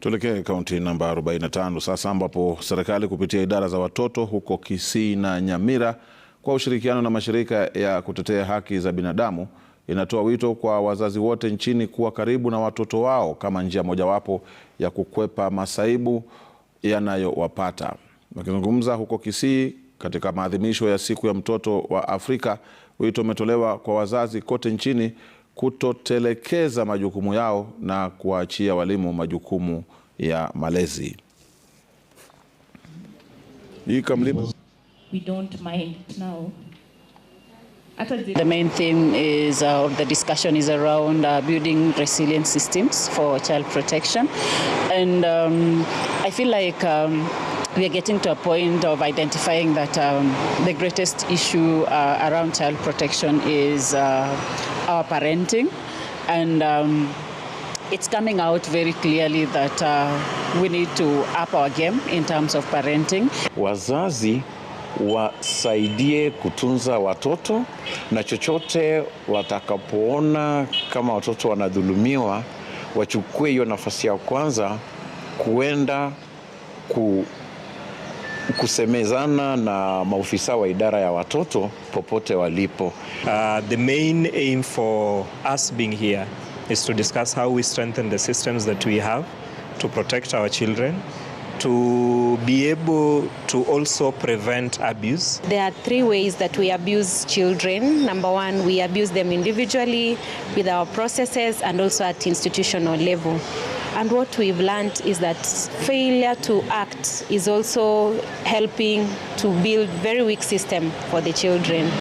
Tuelekee kaunti namba 45 sasa ambapo serikali kupitia idara za watoto huko Kisii na Nyamira kwa ushirikiano na mashirika ya kutetea haki za binadamu inatoa wito kwa wazazi wote nchini kuwa karibu na watoto wao kama njia mojawapo ya kukwepa masaibu yanayowapata. Wakizungumza huko Kisii katika maadhimisho ya siku ya mtoto wa Afrika, wito umetolewa kwa wazazi kote nchini kutotelekeza majukumu yao na kuwaachia walimu majukumu ya malezi. The main theme is uh, the discussion is around uh, building resilient systems for child protection and um, I feel like um, we are getting to a point of identifying that um, the greatest issue uh, around child protection is uh, our parenting. And um, it's coming out very clearly that uh, we need to up our game in terms of parenting. Wazazi wasaidie kutunza watoto na chochote watakapoona kama watoto wanadhulumiwa, wachukue hiyo nafasi ya kwanza kuenda ku kusemezana na maofisa wa idara ya watoto popote walipo. Uh, the main aim for us being here is to discuss how we strengthen the systems that we have to protect our children to be able to also prevent abuse. There are three ways that we abuse children. Number one, we abuse them individually with our processes and also at institutional level. And what we've learned is that failure to act is also helping to build very weak system for the children.